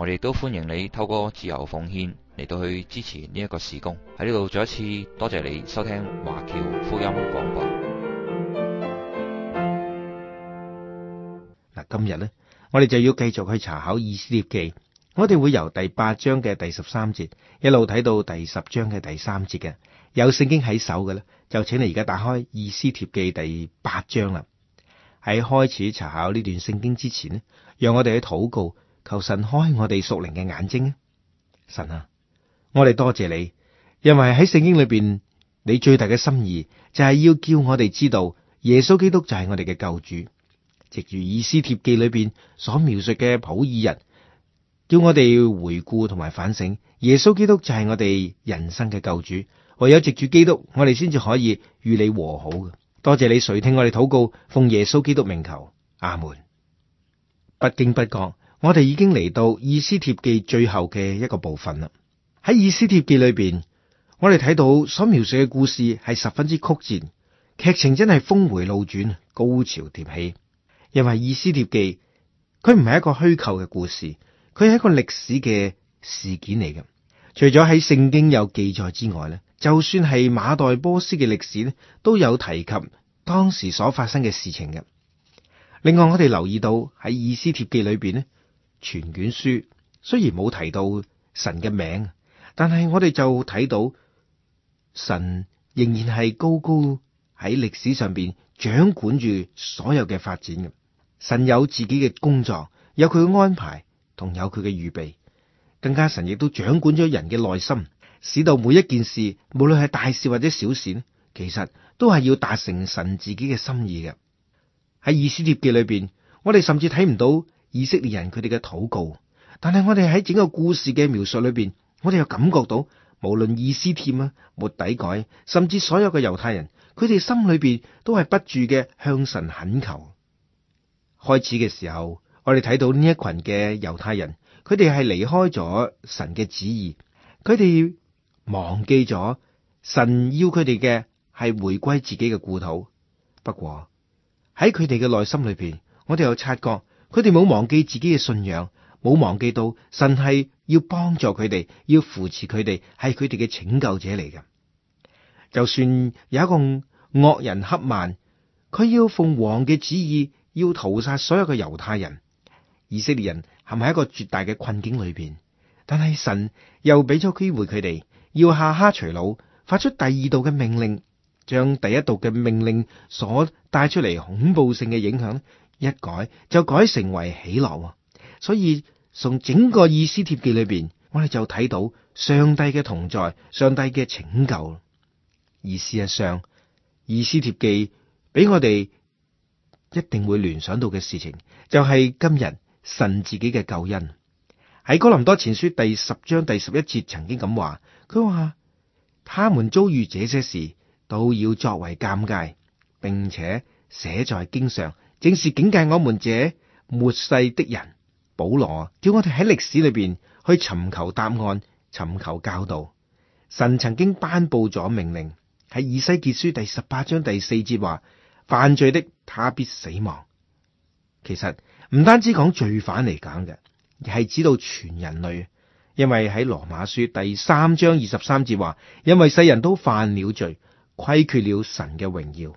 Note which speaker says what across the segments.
Speaker 1: 我哋都歡迎你透過自由奉獻嚟到去支持呢一個事工。喺呢度再一次多謝你收聽華僑福音廣播。嗱，今日呢，我哋就要繼續去查考《以斯帖記》，我哋會由第八章嘅第十三節一路睇到第十章嘅第三節嘅。有聖經喺手嘅咧，就請你而家打開《以斯帖記》第八章啦。喺開始查考呢段聖經之前呢，讓我哋去禱告。求神開我哋屬靈嘅眼睛。神啊，我哋多謝你，因為喺聖經裏邊，你最大嘅心意就係要叫我哋知道耶穌基督就係我哋嘅救主，藉住以斯帖記裏邊所描述嘅普珥人，叫我哋回顧同埋反省，耶穌基督就係我哋人生嘅救主。唯有藉住基督，我哋先至可以與你和好嘅。多謝你垂聽我哋禱告，奉耶穌基督名求，阿門。不經不覺。我哋已經嚟到《以斯帖記》最後嘅一個部分啦。喺《以斯帖記》裏邊，我哋睇到所描述嘅故事係十分之曲折，劇情真係峰回路轉，高潮迭起。因為《以斯帖記》，佢唔係一個虛構嘅故事，佢係一個歷史嘅事件嚟嘅。除咗喺聖經有記載之外咧，就算係瑪代波斯嘅歷史咧，都有提及當時所發生嘅事情嘅。另外，我哋留意到喺《以斯帖記》裏邊咧。全卷書雖然冇提到神嘅名，但係我哋就睇到神仍然係高高喺歷史上邊掌管住所有嘅發展嘅。神有自己嘅工作，有佢嘅安排同有佢嘅預備。更加神亦都掌管咗人嘅內心，使到每一件事，無論係大事或者小事，其實都係要達成神自己嘅心意嘅。喺《以斯帖記》裏邊，我哋甚至睇唔到。以色列人佢哋嘅禱告，但係我哋喺整個故事嘅描述裏邊，我哋又感覺到，無論以斯帖啊，末底改，甚至所有嘅猶太人，佢哋心裏邊都係不住嘅向神懇求。開始嘅時候，我哋睇到呢一群嘅猶太人，佢哋係離開咗神嘅旨意，佢哋忘記咗神要佢哋嘅係回歸自己嘅故土。不過喺佢哋嘅內心裏邊，我哋又察覺。佢哋冇忘記自己嘅信仰，冇忘記到神係要幫助佢哋，要扶持佢哋，係佢哋嘅拯救者嚟嘅。就算有一個惡人黑曼，佢要奉王嘅旨意要屠殺所有嘅猶太人，以色列人陷喺一個絕大嘅困境裏邊。但係神又俾咗機會佢哋，要亞哈隨魯，發出第二道嘅命令，將第一道嘅命令所帶出嚟恐怖性嘅影響。一改就改成為喜樂，所以從整個以斯帖記裏邊，我哋就睇到上帝嘅同在，上帝嘅拯救。而事實上，以斯帖記俾我哋一定會聯想到嘅事情，就係、是、今日神自己嘅救恩。喺哥林多前書第十章第十一節曾經咁話，佢話：他們遭遇這些事，都要作為鑒戒，並且寫在經上。正是警戒我們這末世的人。保羅叫我哋喺歷史裏邊去尋求答案，尋求教導。神曾經頒布咗命令，喺以西結書第十八章第四節話：犯罪的他必死亡。其實唔單止講罪犯嚟講嘅，係指到全人類，因為喺羅馬書第三章二十三節話：因為世人都犯了罪，虧缺了神嘅榮耀。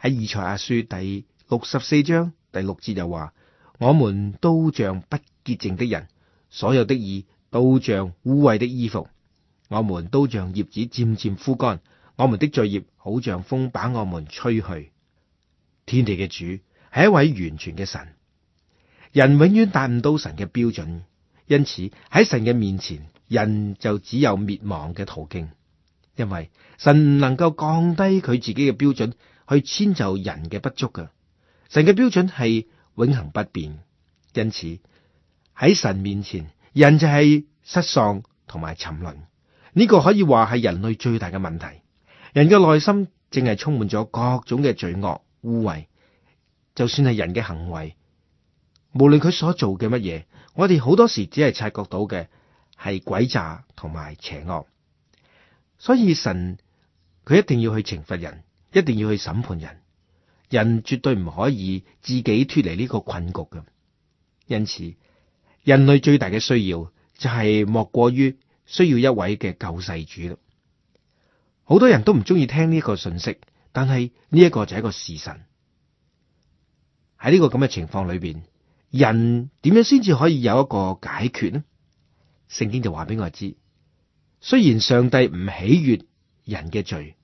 Speaker 1: 喺以賽亞書第六十四章第六節又話：我們都像不潔淨的人，所有的義都像污穢的衣服；我們都像葉子漸漸枯乾，我們的罪孽好像風把我們吹去。天地嘅主係一位完全嘅神，人永遠達唔到神嘅標準，因此喺神嘅面前，人就只有滅亡嘅途徑，因為神唔能夠降低佢自己嘅標準去遷就人嘅不足嘅。神嘅標準係永恒不變，因此喺神面前，人就係失喪同埋沉淪。呢、這個可以話係人類最大嘅問題。人嘅內心淨係充滿咗各種嘅罪惡污穢。就算係人嘅行為，無論佢所做嘅乜嘢，我哋好多時只係察覺到嘅係詭詐同埋邪惡。所以神佢一定要去懲罰人，一定要去審判人。人絕對唔可以自己脫離呢個困局嘅，因此人類最大嘅需要就係、是、莫過於需要一位嘅救世主咯。好多人都唔中意聽呢一個信息，但係呢一個就係一個事實。喺呢個咁嘅情況裏邊，人點樣先至可以有一個解決呢？聖經就話俾我知，雖然上帝唔喜悅人嘅罪，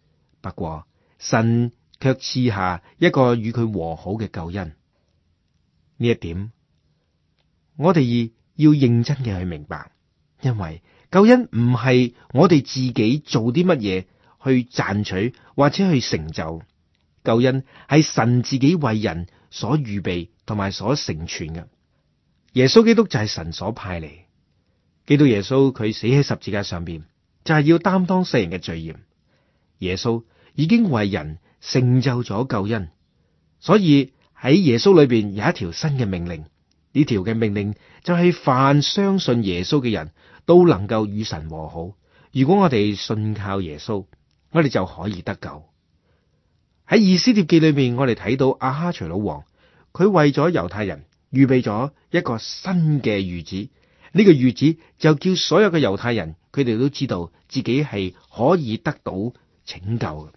Speaker 1: 不過神。卻賜下一個與佢和好嘅救恩，呢一點我哋要認真嘅去明白，因為救恩唔係我哋自己做啲乜嘢去賺取或者去成就，救恩係神自己為人所預備同埋所成全嘅。耶穌基督就係神所派嚟，基督耶穌佢死喺十字架上邊，就係、是、要擔當世人嘅罪孽。耶穌已經為人。成就咗救恩，所以喺耶穌裏邊有一條新嘅命令，呢條嘅命令就係凡相信耶穌嘅人都能夠與神和好。如果我哋信靠耶穌，我哋就可以得救。喺《以斯帖記》裏面，我哋睇到亞哈隨魯王，佢為咗猶太人預備咗一個新嘅諭旨，呢、呢個諭旨就叫所有嘅猶太人，佢哋都知道自己係可以得到拯救。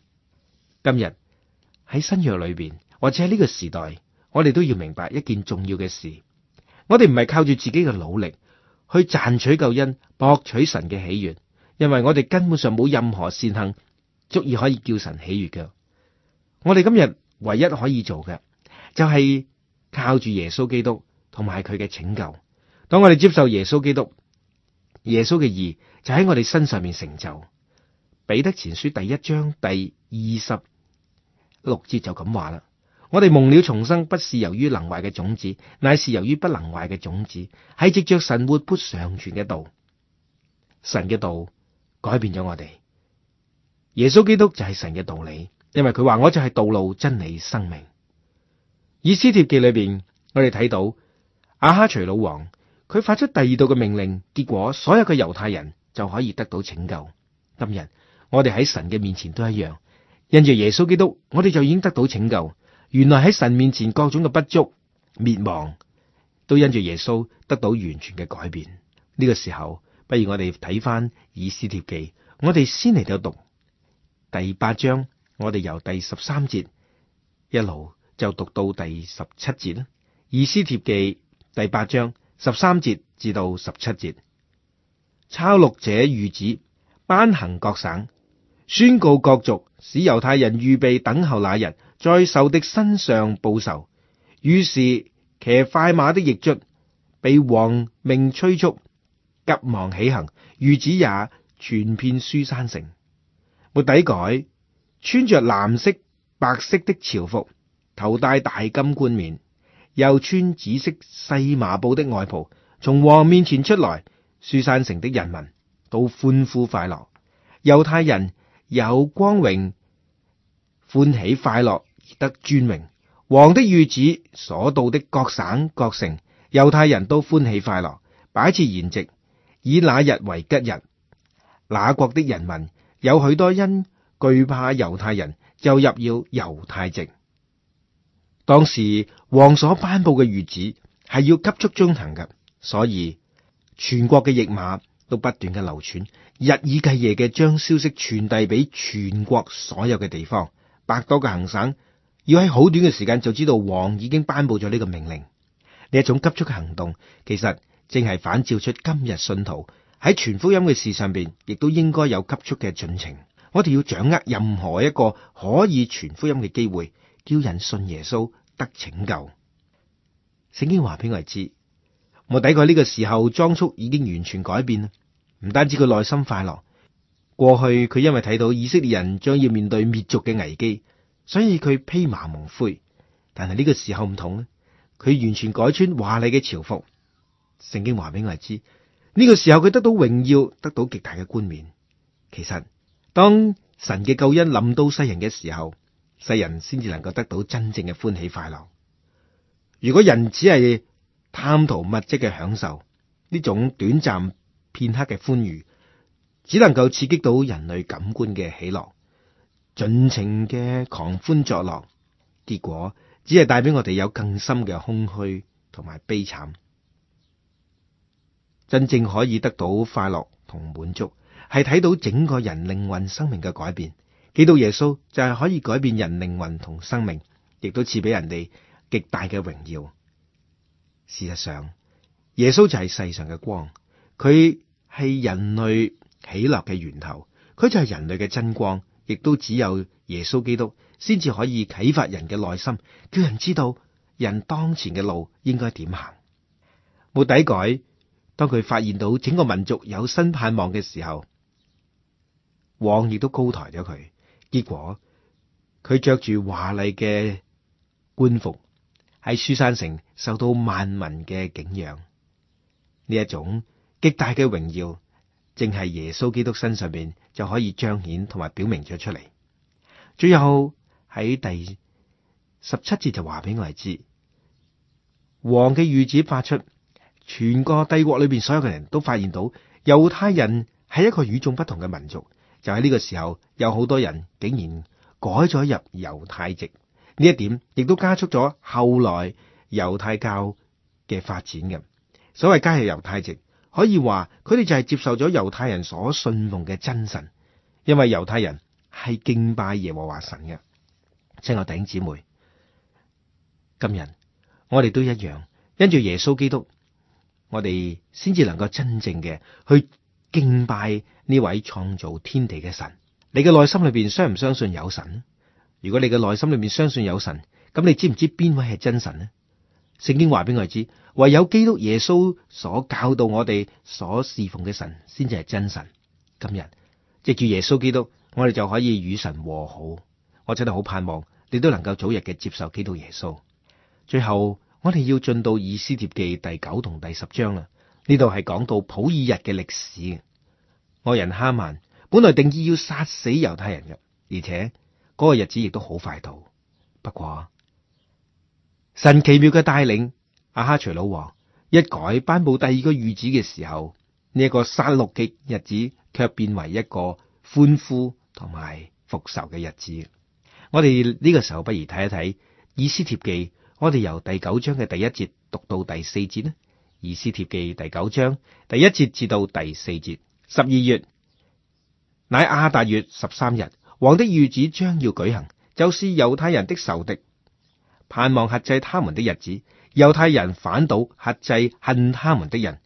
Speaker 1: 今日喺新約裏邊，或者喺呢個時代，我哋都要明白一件重要嘅事。我哋唔係靠住自己嘅努力去賺取救恩、博取神嘅喜悅，因為我哋根本上冇任何善行足以可以叫神喜悅嘅。我哋今日唯一可以做嘅，就係靠住耶穌基督同埋佢嘅拯救。當我哋接受耶穌基督，耶穌嘅義就喺我哋身上面成就。彼得前書第一章第二十六節就咁話啦：我哋蒙了重生不是由於能壞嘅種子，乃是由於不能壞嘅種子，係藉着神活潑常存嘅道。神嘅道改變咗我哋，耶穌基督就係神嘅道理，因為佢話我就係道路、真理、生命。以斯帖記裏邊，我哋睇到亞哈隨魯王佢發出第二道嘅命令，結果所有嘅猶太人就可以得到拯救。今日。我哋喺神嘅面前都一樣，因住耶穌基督，我哋就已經得到拯救。原來喺神面前各種嘅不足、滅亡，都因住耶穌得到完全嘅改變。呢、這個時候，不如我哋睇翻以斯帖記，我哋先嚟到讀第八章，我哋由第十三節一路就讀到第十七節啦。以斯帖記第八章十三節至到十七節，抄錄者諭旨頒行各省。宣告各族，使猶太人預備等候那日，在仇敵身上報仇。於是騎快馬的驛卒被王命催促，急忙起行。諭旨也傳遍書珊城，末底改穿着藍色白色的朝服，頭戴大金冠冕，又穿紫色細麻布的外袍，從王面前出來。書珊城的人民都歡呼快樂，猶太人，有光榮、歡喜、快樂而得尊榮。王的諭旨所到的各省各城，猶太人都歡喜快樂，擺設筵席，以那日為吉日。那國的人民有許多因懼怕猶太人，就入要猶太籍。當時王所頒布嘅諭旨係要急速進行嘅，所以全國嘅驛馬都不斷嘅流傳，日以繼夜嘅將消息傳遞俾全國所有嘅地方，百多個行省要喺好短嘅時間就知道王已經頒布咗呢個命令。呢一種急速嘅行動，其實正係反照出今日信徒喺傳福音嘅事上面，亦都應該有急速嘅進程。我哋要掌握任何一個可以傳福音嘅機會，叫人信耶穌得拯救。聖經話俾我知，末底改呢個時候，裝束已經完全改變啦。唔單止佢內心快樂，過去佢因為睇到以色列人將要面對滅族嘅危機，所以佢披麻蒙灰。但係呢個時候唔同咧，佢完全改穿華麗嘅朝服。聖經話俾我知，呢個時候佢得到榮耀，得到極大嘅冠冕。其實當神嘅救恩臨到世人嘅時候，世人先至能夠得到真正嘅歡喜快樂。如果人只係貪圖物質嘅享受，呢種短暫。片刻嘅歡愉，只能夠刺激到人類感官嘅喜樂，盡情嘅狂歡作樂，結果只係帶俾我哋有更深嘅空虛同埋悲慘。真正可以得到快樂同滿足，係睇到整個人靈魂生命嘅改變。基督耶穌就係可以改變人靈魂同生命，亦都賜俾人哋極大嘅榮耀。事實上，耶穌就係世上嘅光。佢係人類喜樂嘅源頭，佢就係人類嘅真光，亦都只有耶穌基督先至可以啟發人嘅內心，叫人知道人當前嘅路應該點行。末底改，當佢發現到整個民族有新盼望嘅時候，王亦都高抬咗佢。結果佢着住華麗嘅官服，喺書珊城受到萬民嘅敬仰。呢一種。極大嘅榮耀，正係耶穌基督身上邊就可以彰顯同埋表明咗出嚟。最後喺第十七節就話俾我哋知，王嘅諭旨發出，全個帝國裏邊所有嘅人都發現到猶太人係一個與眾不同嘅民族。就喺呢個時候，有好多人竟然改咗入猶太籍，呢一點亦都加速咗後來猶太教嘅發展嘅。所謂加入猶太籍。可以話佢哋就係接受咗猶太人所信奉嘅真神，因為猶太人係敬拜耶和華神嘅。親愛嘅弟兄姊妹，今日我哋都一樣，因住耶穌基督，我哋先至能夠真正嘅去敬拜呢位創造天地嘅神。你嘅內心裏邊相唔相信有神？如果你嘅內心裏邊相信有神，咁你知唔知邊位係真神呢？聖經話俾我哋知，唯有基督耶穌所教導我哋所侍奉嘅神，先至係真神。今日藉住耶穌基督，我哋就可以與神和好。我真係好盼望你都能夠早日嘅接受基督耶穌。最後，我哋要進到以斯帖記第九同第十章啦。呢度係講到普爾日嘅歷史嘅。人哈曼本來定意要殺死猶太人嘅，而且嗰個日子亦都好快到。不過，神奇妙嘅帶領，亞哈隨魯王一改頒布第二個諭旨嘅時候，呢、這、一個殺戮嘅日子，卻變為一個歡呼同埋復仇嘅日子。我哋呢個時候，不如睇一睇《以斯帖記》，我哋由第九章嘅第一節讀到第四節呢，《以斯帖記》第九章第一節至到第四節，十二月乃阿達月十三日，王的諭旨將要舉行，就是猶太人的仇敵。盼望轄制他們的日子，猶太人反倒轄制恨他們的人。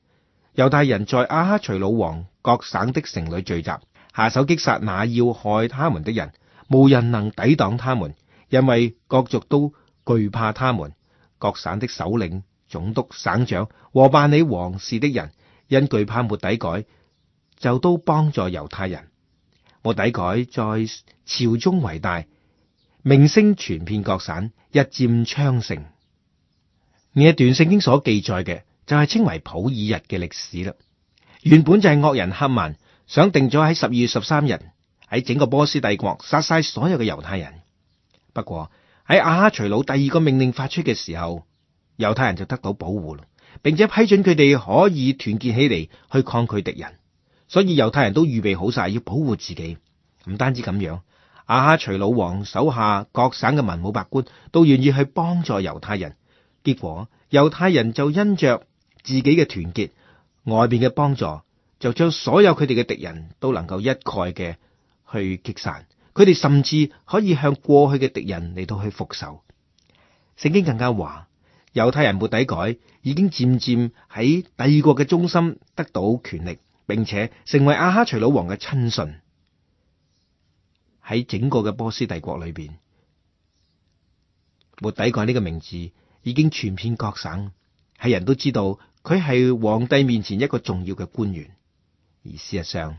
Speaker 1: 猶太人在亞哈隨魯王各省的城裡聚集，下手擊殺那要害他們的人，無人能抵擋他們，因為各族都懼怕他們。各省的首領、總督、省長和辦理王事的人，因懼怕末底改，就都幫助猶太人。末底改在朝中為大。名聲傳遍各省，日漸昌盛。呢一段聖經所記載嘅，就係、是、稱為普珥日嘅歷史啦。原本就係惡人哈曼想定咗喺十二月十三日喺整個波斯帝國殺晒所有嘅猶太人。不過喺亞哈隨魯第二個命令發出嘅時候，猶太人就得到保護啦，並且批准佢哋可以團結起嚟去抗拒敵人。所以猶太人都預備好晒要保護自己，唔單止咁樣。阿哈隨老王手下各省嘅文武百官都願意去幫助猶太人，結果猶太人就因着自己嘅團結，外邊嘅幫助，就將所有佢哋嘅敵人都能夠一概嘅去擊散，佢哋甚至可以向過去嘅敵人嚟到去復仇。聖經更加話，猶太人冇抵改，已經漸漸喺帝國嘅中心得到權力，並且成為亞哈隨魯王嘅親信。喺整個嘅波斯帝國裏邊，末底改呢個名字已經傳遍各省，係人都知道，佢係皇帝面前一個重要嘅官員。而事實上，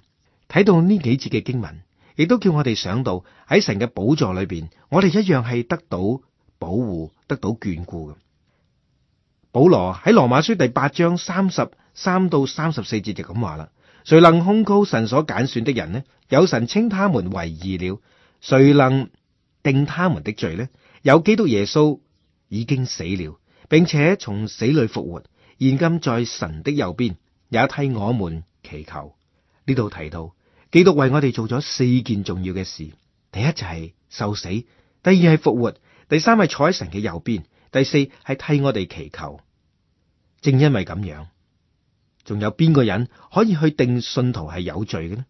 Speaker 1: 睇到呢幾節嘅經文，亦都叫我哋想到喺神嘅寶座裏邊，我哋一樣係得到保護、得到眷顧嘅。保羅喺羅馬書第八章三十三到三十四節就咁話啦。誰能控告神所揀選的人呢？有神稱他們為義了。誰能定他們的罪呢？有基督耶穌已經死了，並且從死裏復活，現今在神的右邊，也替我們祈求。呢度提到基督為我哋做咗四件重要嘅事，第一就係受死，第二係復活，第三係坐喺神嘅右邊，第四係替我哋祈求。正因為咁樣。仲有邊個人可以去定信徒係有罪嘅呢？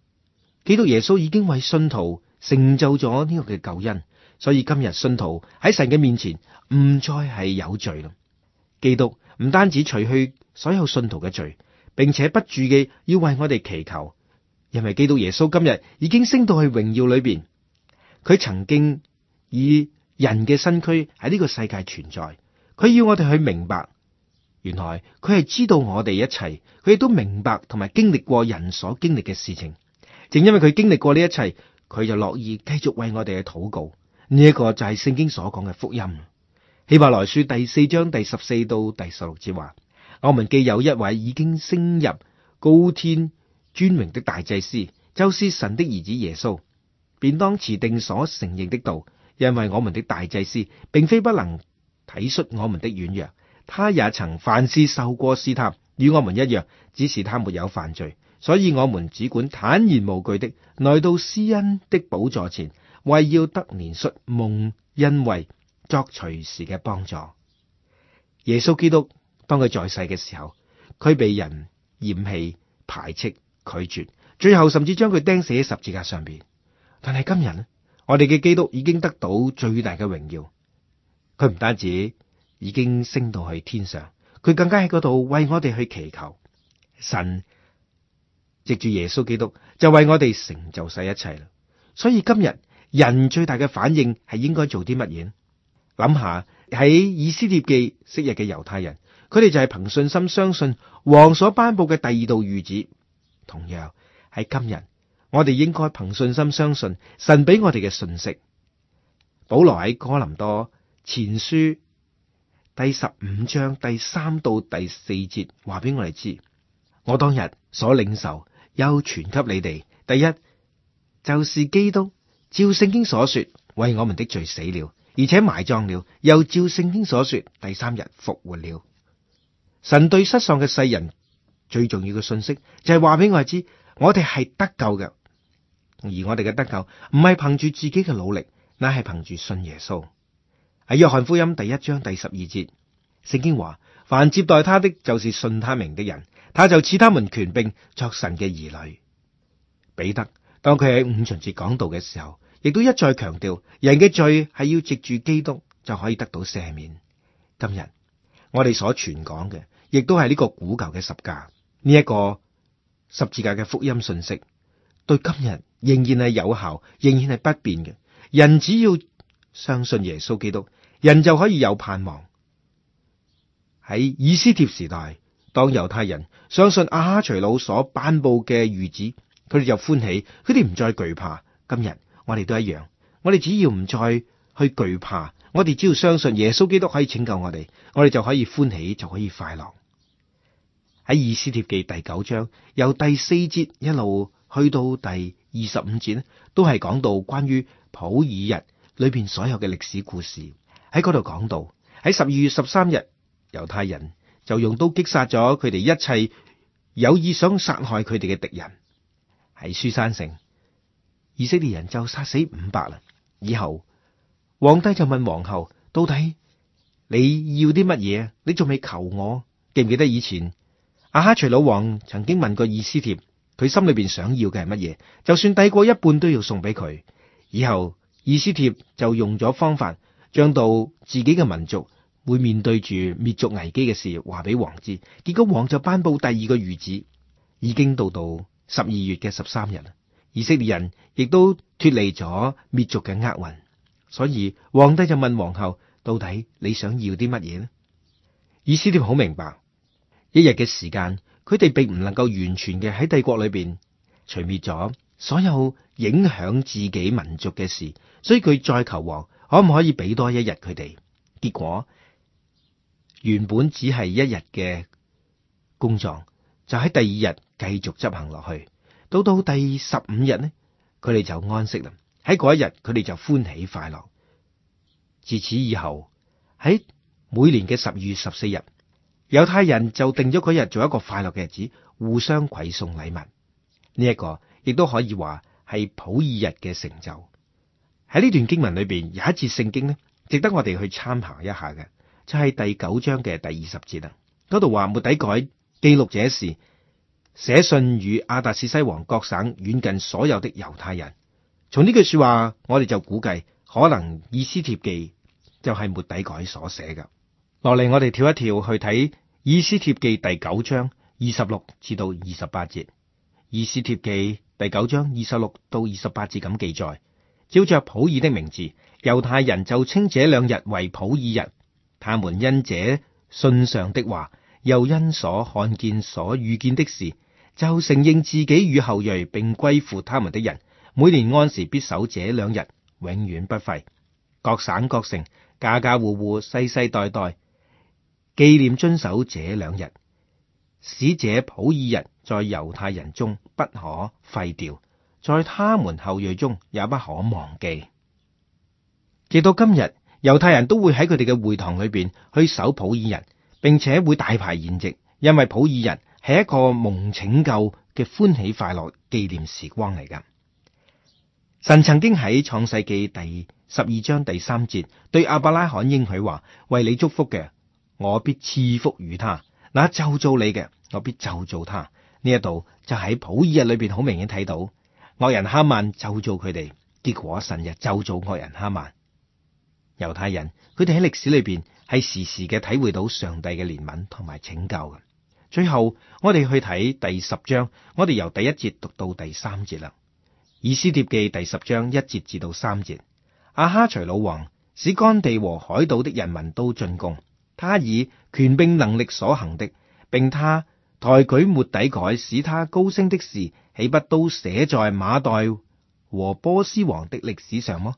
Speaker 1: 基督耶穌已經為信徒成就咗呢個嘅救恩，所以今日信徒喺神嘅面前唔再係有罪啦。基督唔單止除去所有信徒嘅罪，並且不住嘅要為我哋祈求，因為基督耶穌今日已經升到去榮耀裏邊，佢曾經以人嘅身軀喺呢個世界存在，佢要我哋去明白，原來佢係知道我哋一切，佢亦都明白同埋經歷過人所經歷嘅事情。正因為佢經歷過呢一切，佢就樂意繼續為我哋嘅禱告。呢、這、一個就係聖經所講嘅福音。希伯來書第四章第十四到第十六節話：我們既有一位已經升入高天尊榮的大祭司，就是神的兒子耶穌，便當持定所承認的道，因為我們的大祭司並非不能體恤我們的軟弱。他也曾凡事受過試探，與我們一樣，只是他沒有犯罪，所以我們只管坦然無懼的來到施恩的寶座前，為要得憐恤，蒙恩惠作隨時嘅幫助。耶穌基督當佢在世嘅時候，佢被人嫌棄、排斥、拒絕，最後甚至將佢釘死喺十字架上邊。但係今日，我哋嘅基督已經得到最大嘅榮耀，佢唔單止，已經升到去天上，佢更加喺嗰度為我哋去祈求。神藉住耶穌基督就為我哋成就晒一切啦。所以今日人最大嘅反應係應該做啲乜嘢？諗下喺以斯帖記昔日嘅猶太人，佢哋就係憑信心相信王所頒布嘅第二道諭旨。同樣喺今日，我哋應該憑信心相信神俾我哋嘅信息。保羅喺哥林多前書。第十五章第三到第四節話俾我哋知，我當日所領受又傳給你哋。第一，就是基督，照聖經所說，為我們的罪死了，而且埋葬了，又照聖經所說，第三日復活了。神對失喪嘅世人最重要嘅信息，就係話俾我哋知，我哋係得救嘅，而我哋嘅得救唔係憑住自己嘅努力，乃係憑住信耶穌。喺約翰福音第一章第十二節，聖經話：凡接待他的，就是信他名的人，他就賜他們權柄作神嘅兒女。彼得當佢喺五旬節講道嘅時候，亦都一再強調，人嘅罪係要藉住基督就可以得到赦免。今日我哋所傳講嘅，亦都係呢個古舊嘅十架，呢、這、一個十字架嘅福音信息，對今日仍然係有效，仍然係不變嘅。人只要相信耶穌基督。人就可以有盼望。喺以斯帖時代，當猶太人相信亞哈隨魯所頒布嘅諭旨，佢哋就歡喜，佢哋唔再懼怕。今日我哋都一樣，我哋只要唔再去懼怕，我哋只要相信耶穌基督可以拯救我哋，我哋就可以歡喜，就可以快樂。喺以斯帖記第九章由第四節一路去到第二十五節，都係講到關於普爾日裏邊所有嘅歷史故事。喺嗰度講到，喺十二月十三日，猶太人就用刀擊殺咗佢哋一切有意想殺害佢哋嘅敵人。喺書山城，以色列人就殺死五百啦。以後皇帝就問皇后，到底你要啲乜嘢？你仲未求我？記唔記得以前亞哈隨魯王曾經問過以斯帖，佢心裏邊想要嘅係乜嘢？就算抵過一半都要送俾佢。以後以斯帖就用咗方法。將到自己嘅民族會面對住滅族危機嘅事，話俾王知，結果王就頒布第二個諭旨。已經到到十二月嘅十三日啦，以色列人亦都脱離咗滅族嘅厄運。所以皇帝就問皇后：到底你想要啲乜嘢呢？以斯帖好明白，一日嘅時間，佢哋並唔能夠完全嘅喺帝國裏邊除滅咗所有影響自己民族嘅事，所以佢再求王。可唔可以俾多一日佢哋？結果原本只係一日嘅工作，就喺第二日繼續執行落去。到到第十五日呢，佢哋就安息啦。喺嗰一日，佢哋就歡喜快樂。自此以後，喺每年嘅十二月十四日，猶太人就定咗嗰日做一個快樂嘅日子，互相饋送禮物。呢、這、一個亦都可以話係普爾日嘅成就。喺呢段經文裏邊，有一節聖經咧，值得我哋去參考一下嘅，就係、是、第九章嘅第二十節啊。嗰度話末底改記錄這事，寫信與亞達士西王各省遠近所有的猶大人。從呢句說話，我哋就估計可能以斯帖記就係末底改所寫噶。落嚟我哋跳一跳去睇以斯帖記第九章二十六至到二十八節。以斯帖記第九章二十六到二十八節咁記載。照着普爾的名字，猶太人就稱這兩日為普爾日。他們因這信上的話，又因所看見所遇見的事，就承認自己與後裔並歸附他們的人，每年按時必守這兩日，永遠不廢。各省各城，家家戶戶，世世代代，紀念遵守這兩日，使這普爾日在猶太人中不可廢掉。在他們後裔中也不可忘記。直到今日，猶太人都會喺佢哋嘅會堂裏邊去守普爾日，並且會大排筵席，因為普爾日係一個蒙拯救嘅歡喜快樂紀念時光嚟㗎。神曾經喺創世紀第十二章第三節對亞伯拉罕應許話：為你祝福嘅，我必賜福於他；那咒詛你嘅，我必咒詛他。呢一度就喺普爾日裏邊好明顯睇到。惡人哈曼咒詛佢哋，結果神日咒詛惡人哈曼。猶太人佢哋喺歷史裏邊係時時嘅體會到上帝嘅憐憫同埋拯救嘅。最後我哋去睇第十章，開口我哋由第一節讀到第三節啦。以斯帖記第十章一節至到三節，亞哈隨魯王使乾地和海島的人民都進貢，他以權柄能力所行的，並他抬舉末底改使他高升的事，豈不都寫在馬代和波斯王的歷史上麼？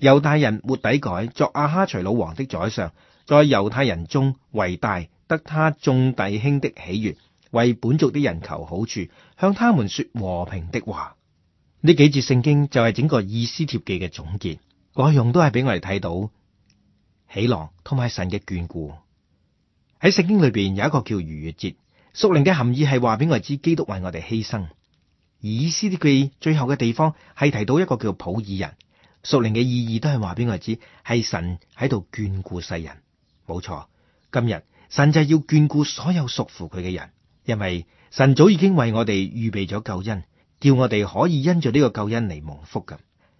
Speaker 1: 猶太人末底改作亞哈隨魯王的宰相，在猶太人中為大，得他眾弟兄的喜悦，為本族的人求好處，向他們說和平的話。呢幾節聖經就係整個以斯帖記嘅總結，內容都係俾我哋睇到喜樂同埋神嘅眷顧。喺聖經裏邊有一個叫逾越節，屬靈嘅含義係話俾我知基督為我哋犧牲。以斯帖記最後嘅地方係提到一個叫普爾人，屬靈嘅意義都係話俾我知，係神喺度眷顧世人，冇錯。今日神就係要眷顧所有屬乎佢嘅人，因為神早已經為我哋預備咗救恩，叫我哋可以因着呢個救恩嚟蒙福嘅。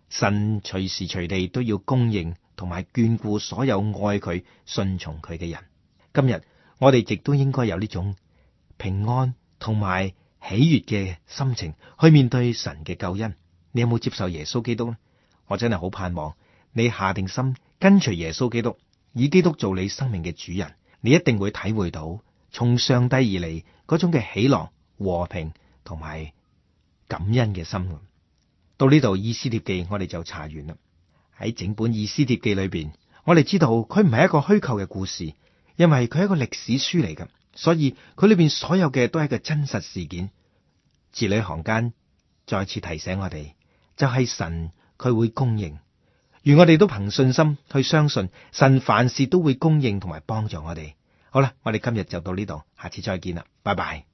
Speaker 1: 神隨時隨地都要供應同埋眷顧所有愛佢、順從佢嘅人。今日我哋亦都應該有呢種平安同埋。喜悅嘅心情去面對神嘅救恩，你有冇接受耶穌基督呢？我真係好盼望你下定心跟隨耶穌基督，以基督做你生命嘅主人，你一定會體會到從上帝而嚟嗰種嘅喜樂、和平同埋感恩嘅心。到呢度《以斯帖記》，我哋就查完啦。喺整本《以斯帖記》裏邊，我哋知道佢唔係一個虛構嘅故事，因為佢係一個歷史書嚟㗎。所以佢裏邊所有嘅都係一個真實事件，字裏行間再次提醒我哋，就係、是、神佢會供應，如我哋都憑信心去相信，神凡事都會供應同埋幫助我哋。好啦，我哋今日就到呢度，下次再見啦，拜拜。